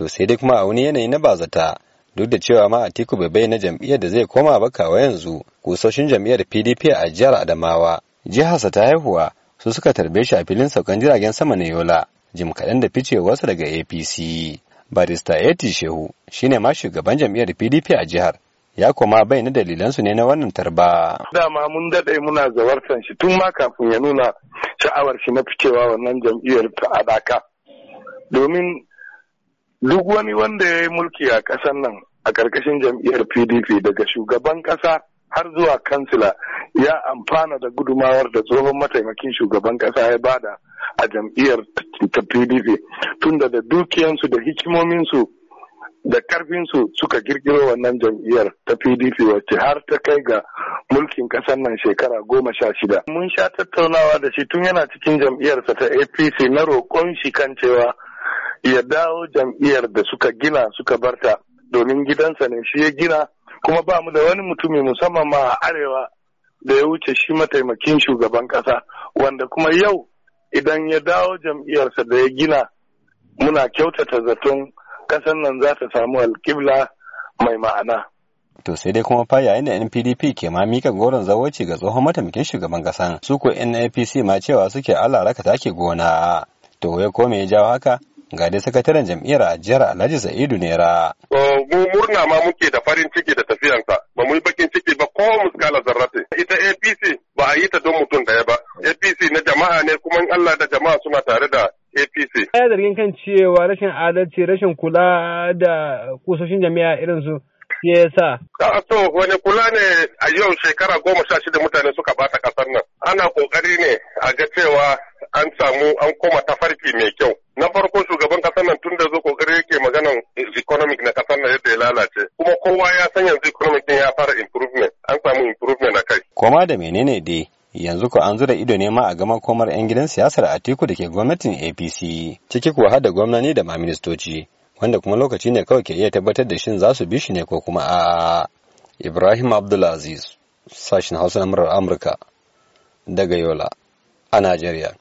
to sai dai kuma a wani yanayi na bazata duk da cewa ma Atiku bai bayyana jam'iyyar da zai koma ba kawa yanzu kusoshin jam'iyyar PDP a jihar Adamawa jiharsa ta haihuwa su suka tarbe shi a filin saukan jiragen sama na Yola jim kaɗan da ficewarsa daga APC barista Eti Shehu shine ma shugaban jam'iyyar PDP a jihar ya koma bayyana dalilansu ne na wannan tarba. Dama mun daɗe muna zawartan shi tun ma kafin ya nuna sha'awar shi na ficewa wannan jam'iyyar ta adaka. Domin duk wani wanda ya yi mulki a ƙasar nan a ƙarƙashin jam'iyyar pdp daga shugaban ƙasa har zuwa kansila ya amfana da gudumawar da tsohon mataimakin shugaban ƙasa ya bada a jam'iyyar ta pdp tunda da dukiyansu da hikimominsu da ƙarfinsu suka girgiro wannan jam'iyyar ta pdp wacce har ta kai ga mulkin ƙasar nan shekara goma sha shida mun sha tattaunawa da shi tun yana cikin jam'iyyarsa ta apc na roƙon shi kan cewa ya dawo jam'iyyar da suka gina suka barta domin gidansa ne shi ya gina kuma ba mu da wani mutumi musamman ma a arewa da ya wuce shi mataimakin shugaban kasa wanda kuma yau idan ya dawo jam'iyyarsa da ya gina muna kyautata zaton kasan nan za ta samu alƙibla mai ma'ana. To sai dai kuma fa yayin da NPDP ke ma mika goron zawoci ga tsohon mataimakin shugaban kasan su ko NAPC ma cewa suke Allah raka take gona. To ya kome ya jawo haka? ga dai sakataren jam'iyyar a jihar Alhaji Sa'idu Nera. Mu murna ma muke da farin ciki da tafiyansa ba mu yi bakin ciki ba ko muskala zarrafe Ita APC ba a yi ta don mutum daya ba. APC na jama'a ne kuma in Allah da jama'a suna tare da APC. Ya zargin kan cewa rashin adalci rashin kula da kusoshin jami'a irin su yasa. sa. so wani kula ne a yau shekara goma sha shida mutane suka bata kasar nan. Ana kokari ne a ga cewa an samu an koma tafarki mai kyau. kowa ya san yanzu economic din ya fara improvement an samu improvement a kai koma da menene dai yanzu ko an zura ido ne ma a gama komar 'yan gidan siyasar atiku da ke gwamnatin apc ciki kuwa har da gwamnani da ma ministoci wanda kuma lokaci ne kawai ke iya tabbatar da shin za su bi shi ne ko kuma a ibrahim abdulaziz sashin hausa na murar amurka daga yola a najeriya